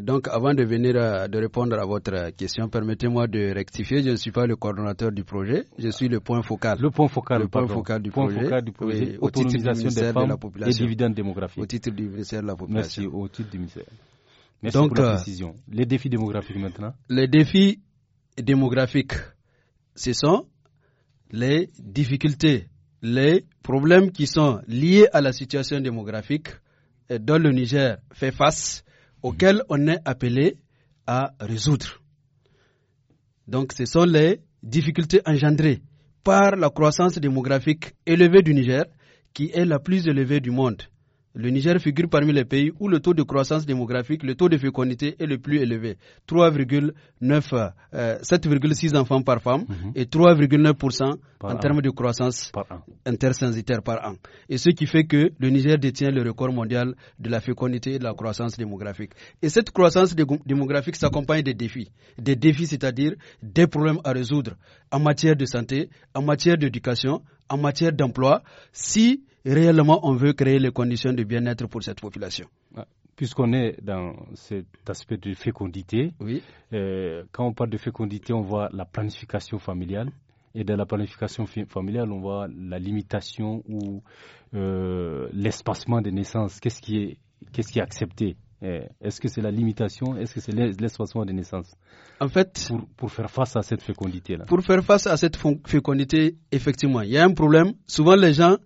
donc, avant de venir euh, de répondre à votre question, permettez-moi de rectifier. Je ne suis pas le coordonnateur du projet. Je suis le point focal. Le point focal. Le point focal du point projet. Focal du projet. des femmes Et Au titre du ministère de la population. Merci. Au titre du ministère. Merci pour la euh, précision. Les défis démographiques maintenant. Les défis démographiques, ce sont les difficultés, les problèmes qui sont liés à la situation démographique euh, dont le Niger fait face auxquelles on est appelé à résoudre. Donc ce sont les difficultés engendrées par la croissance démographique élevée du Niger, qui est la plus élevée du monde. Le Niger figure parmi les pays où le taux de croissance démographique, le taux de fécondité est le plus élevé. 3,9, 7,6 euh, enfants par femme mhm. et 3,9% en termes de croissance intersensitaire par an. Et ce qui fait que le Niger détient le record mondial de la fécondité et de la croissance démographique. Et cette croissance démographique s'accompagne des défis. Des défis, c'est-à-dire des problèmes à résoudre en matière de santé, en matière d'éducation, en matière d'emploi. Si réellement on veut créer les conditions de bien-être pour cette population. Puisqu'on est dans cet aspect de fécondité, euh, quand on parle de fécondité, on voit la planification familiale. Et dans la planification familiale, on voit la limitation ou euh, l'espacement des naissances. Qu'est-ce qui est, accepté euh, est-ce que c'est la limitation Est-ce que c'est l'espacement des naissances En fait, pour, pour, faire face à cette fécondité-là. Pour faire face à cette fécondité, effectivement, il y a un problème. Souvent, les gens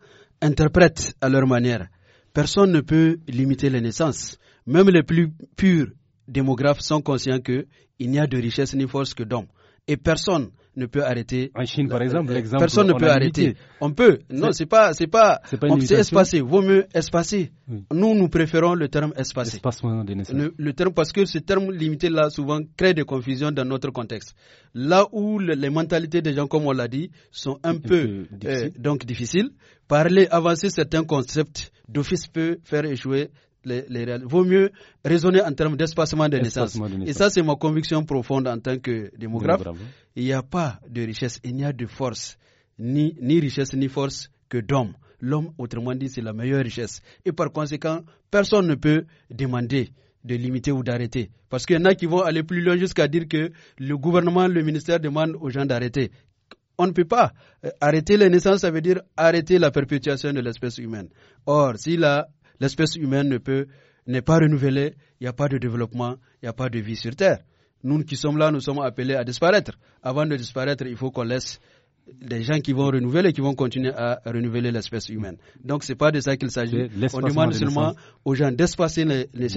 interprètent à leur manière. Personne ne peut limiter les naissances. Même les plus purs démographes sont conscients qu'il n'y a de richesse ni force que d'hommes. Et personne ne peut arrêter. En Chine, par euh, exemple, euh, l'exemple. Personne ne peut arrêter. On peut. Non, c'est pas, c'est pas, c'est espacé. Vaut mieux espacé. Nous, nous préférons le terme espacé. Le, le, terme, parce que ce terme limité là, souvent, crée des confusions dans notre contexte. Là où les mentalités des gens, comme on l'a dit, sont un, peu, euh, difficile. donc difficiles, parler, avancer certains concepts d'office peut faire échouer les, Vaut mieux raisonner en termes d'espacement des naissances. Et ça, c'est ma conviction profonde en tant que démographe. Il n'y a pas de richesse, il n'y a de force, ni, ni richesse ni force que d'homme. L'homme, autrement dit, c'est la meilleure richesse. Et par conséquent, personne ne peut demander de limiter ou d'arrêter. Parce qu'il y en a qui vont aller plus loin jusqu'à dire que le gouvernement, le ministère demande aux gens d'arrêter. On ne peut pas. Euh, arrêter les naissances, ça veut dire arrêter la perpétuation de l'espèce humaine. Or, si la L'espèce humaine ne peut, n'est pas renouvelée, il n'y a pas de développement, il n'y a pas de vie sur Terre. Nous qui sommes là, nous sommes appelés à disparaître. Avant de disparaître, il faut qu'on laisse des gens qui vont renouveler, qui vont continuer à renouveler l'espèce humaine. Donc, ce n'est pas de ça qu'il s'agit. On demande seulement aux gens d'espacer les, les,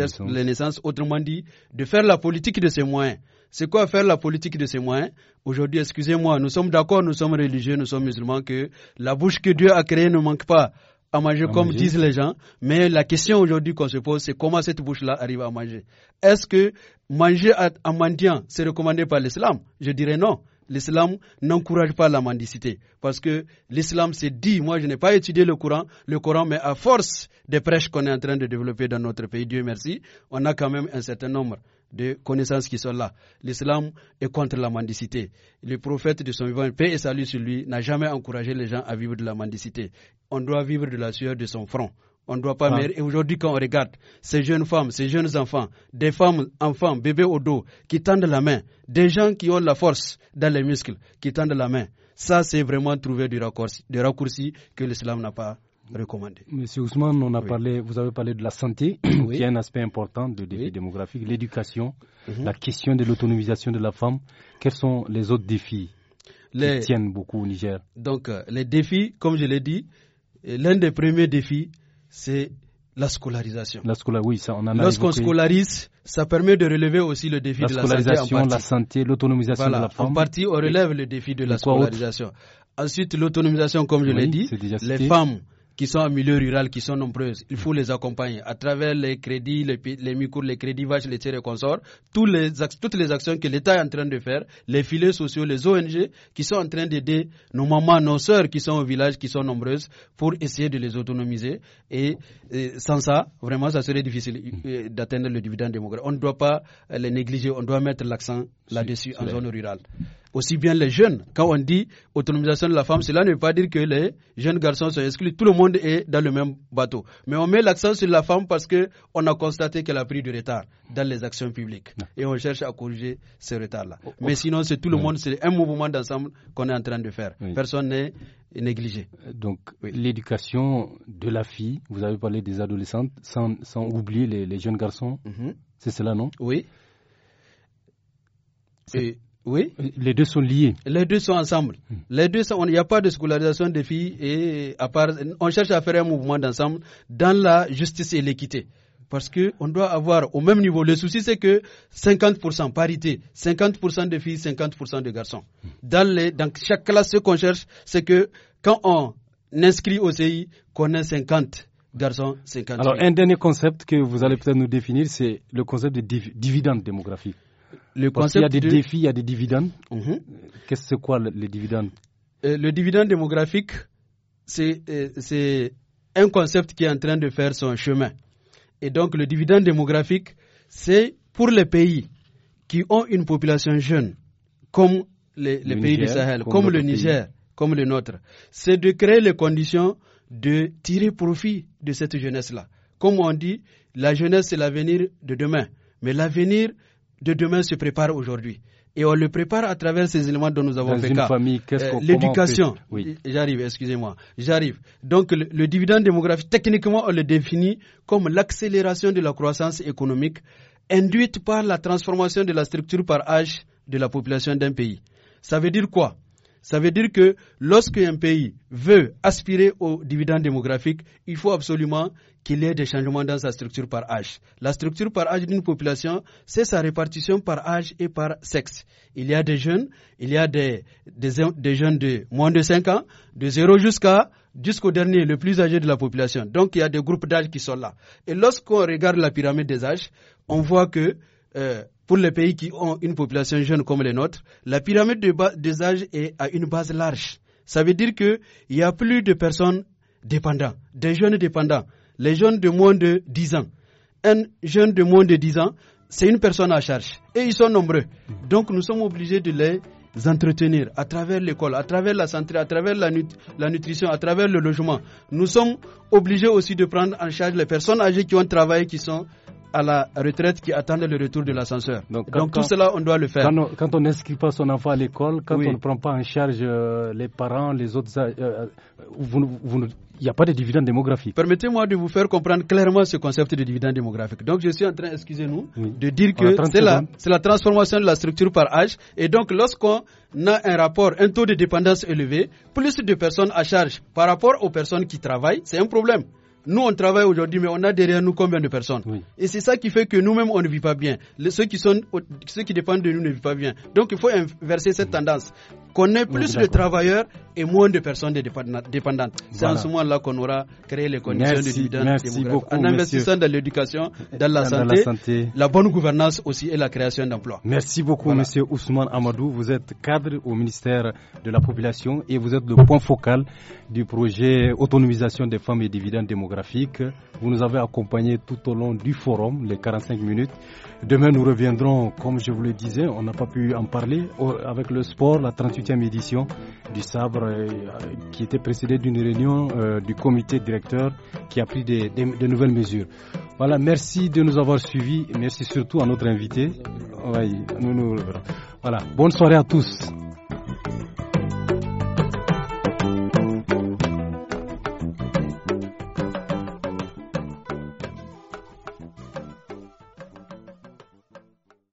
naissances, autrement dit, de faire la politique de ces moyens. C'est quoi faire la politique de ces moyens Aujourd'hui, excusez-moi, nous sommes d'accord, nous sommes religieux, nous sommes musulmans, que la bouche que Dieu a créée ne manque pas à manger comme disent les gens. Mais la question aujourd'hui qu'on se pose, c'est comment cette bouche-là arrive à manger. Est-ce que manger en mendiant, c'est recommandé par l'islam Je dirais non. L'islam n'encourage pas la mendicité. Parce que l'islam s'est dit, moi je n'ai pas étudié le Coran, le Coran, mais à force des prêches qu'on est en train de développer dans notre pays, Dieu merci, on a quand même un certain nombre de connaissances qui sont là. L'islam est contre la mendicité. Le prophète de son vivant, paix et salut sur lui, n'a jamais encouragé les gens à vivre de la mendicité. On doit vivre de la sueur de son front. On ne doit pas. Ah. Et aujourd'hui, quand on regarde ces jeunes femmes, ces jeunes enfants, des femmes, enfants, bébés au dos, qui tendent la main, des gens qui ont la force dans les muscles, qui tendent la main, ça, c'est vraiment trouver du raccourci, que l'islam n'a pas recommandé. Monsieur Ousmane, on a parlé, vous avez parlé de la santé, (coughs) qui est un aspect important du défi démographique, l'éducation, mhm. la question de l'autonomisation de la femme. Quels sont les autres défis les... qui tiennent beaucoup au Niger Donc, euh, les défis, comme je l'ai dit, euh, l'un des premiers défis, c'est la scolarisation. La scola... oui, ça, Lorsqu'on scolarise, ça permet de relever aussi le défi de la santé. La scolarisation, la santé, l'autonomisation de la femme. En partie, on relève le défi de la scolarisation. Ensuite, l'autonomisation, comme je l'ai dit, les femmes qui sont en milieu rural, qui sont nombreuses. Il faut les accompagner à travers les crédits, les, les micros, les crédits vaches, les tiers et consorts, toutes les actions que l'État est en train de faire, les filets sociaux, les ONG qui sont en train d'aider nos mamans, nos sœurs qui sont au village, qui sont nombreuses, pour essayer de les autonomiser. Et, et sans ça, vraiment, ça serait difficile euh, d'atteindre le dividende démographique. On ne doit pas euh, les négliger, on doit mettre l'accent là-dessus en zone rurale aussi bien les jeunes. Quand on dit autonomisation de la femme, cela ne veut pas dire que les jeunes garçons sont exclus. Tout le monde est dans le même bateau. Mais on met l'accent sur la femme parce qu'on a constaté qu'elle a pris du retard dans les actions publiques. Et on cherche à corriger ce retard-là. Oh, oh. Mais sinon, c'est tout le monde, c'est un mouvement d'ensemble qu'on est en train de faire. Personne n'est négligé. Euh, donc, l'éducation de la fille, vous avez parlé des adolescentes, sans, sans oublier les, jeunes garçons, mhm. c'est cela, non Oui. Et oui. Les deux sont liés. Les deux sont ensemble. Hmm. Les deux il n'y a pas de scolarisation des filles et à part, on cherche à faire un mouvement d'ensemble dans la justice et l'équité. Parce qu'on doit avoir au même niveau. Le souci, c'est que 50% parité, 50% de filles, 50% de garçons. Hmm. Dans les, dans chaque classe, ce qu'on cherche, c'est que quand on inscrit au CI, qu'on ait 50 garçons, 50 Alors, un dernier concept que vous allez peut-être nous définir, c'est le concept de dividende démographique. Le il y a des défis, il y a des dividendes. Mhm. Qu'est-ce que c'est quoi le, les euh, Le dividende démographique, euh, c'est un concept qui est en train de faire son chemin. Et donc le dividende démographique, c'est pour les pays qui ont une population jeune, comme les, pays du Sahel, comme, le Niger, comme le nôtre. C'est de créer les conditions de tirer profit de cette jeunesse-là. Comme on dit, la jeunesse, c'est l'avenir de demain. Mais l'avenir, de demain se prépare aujourd'hui. Et on le prépare à travers ces éléments dont nous avons Dans fait euh, L'éducation. J'arrive, excusez-moi. J'arrive. Donc, le, dividende démographique, techniquement, on le définit comme l'accélération de la croissance économique induite par la transformation de la structure par âge de la population d'un pays. Ça veut dire quoi ça veut dire que lorsque un pays veut aspirer au dividende démographique, il faut absolument qu'il y ait des changements dans sa structure par âge. La structure par âge d'une population, c'est sa répartition par âge et par sexe. Il y a des jeunes, il y a des, jeunes de moins de 5 ans, de 0 jusqu'à jusqu'au dernier, le plus âgé de la population. Donc il y a des groupes d'âge qui sont là. Et lorsqu'on regarde la pyramide des âges, on voit que euh, pour les pays qui ont une population jeune comme les nôtres, la pyramide des âges est à une base large. Ça veut dire qu'il n'y a plus de personnes dépendantes, des jeunes dépendants, les jeunes de moins de 10 ans. Un jeune de moins de 10 ans, c'est une personne à charge. Et ils sont nombreux. Donc nous sommes obligés de les entretenir à travers l'école, à travers la santé, à travers la, la, nutrition, à travers le logement. Nous sommes obligés aussi de prendre en charge les personnes âgées qui ont travaillé, qui sont à la retraite qui attendent le retour de l'ascenseur. Donc, tout cela, on doit le faire. Quand on, n'inscrit pas son enfant à l'école, quand on ne prend pas en charge euh, les parents, les autres, euh, euh, il n'y a pas de dividende démographique. Permettez-moi de vous faire comprendre clairement ce concept de dividende démographique. Donc, je suis en train, excusez-nous, de dire que c'est la, la, transformation de la structure par âge. Et donc, lorsqu'on a un rapport, un taux de dépendance élevé, plus de personnes à charge par rapport aux personnes qui travaillent, c'est un problème. Nous, on travaille aujourd'hui, mais on a derrière nous combien de personnes Et c'est ça qui fait que nous-mêmes, on ne vit pas bien. ceux, qui sont, ceux qui dépendent de nous ne vivent pas bien. Donc, il faut inverser cette tendance. Qu'on ait plus de travailleurs et moins de personnes dépendantes. C'est en ce moment-là qu'on aura créé les conditions de dividendes merci beaucoup, En investissant dans l'éducation, dans, la, santé, la, bonne gouvernance aussi et la création d'emplois. Merci beaucoup, monsieur Ousmane Amadou. Vous êtes cadre au ministère de la Population et vous êtes le point focal du projet autonomisation des femmes et dividendes démographiques vous nous avez accompagnés tout au long du forum, les 45 minutes. Demain, nous reviendrons, comme je vous le disais, on n'a pas pu en parler, avec le sport, la 38e édition du Sabre, euh, qui était précédée d'une réunion euh, du comité directeur qui a pris des, nouvelles mesures. Voilà, merci de nous avoir suivis. Merci surtout à notre invité. voilà. Bonne soirée à tous.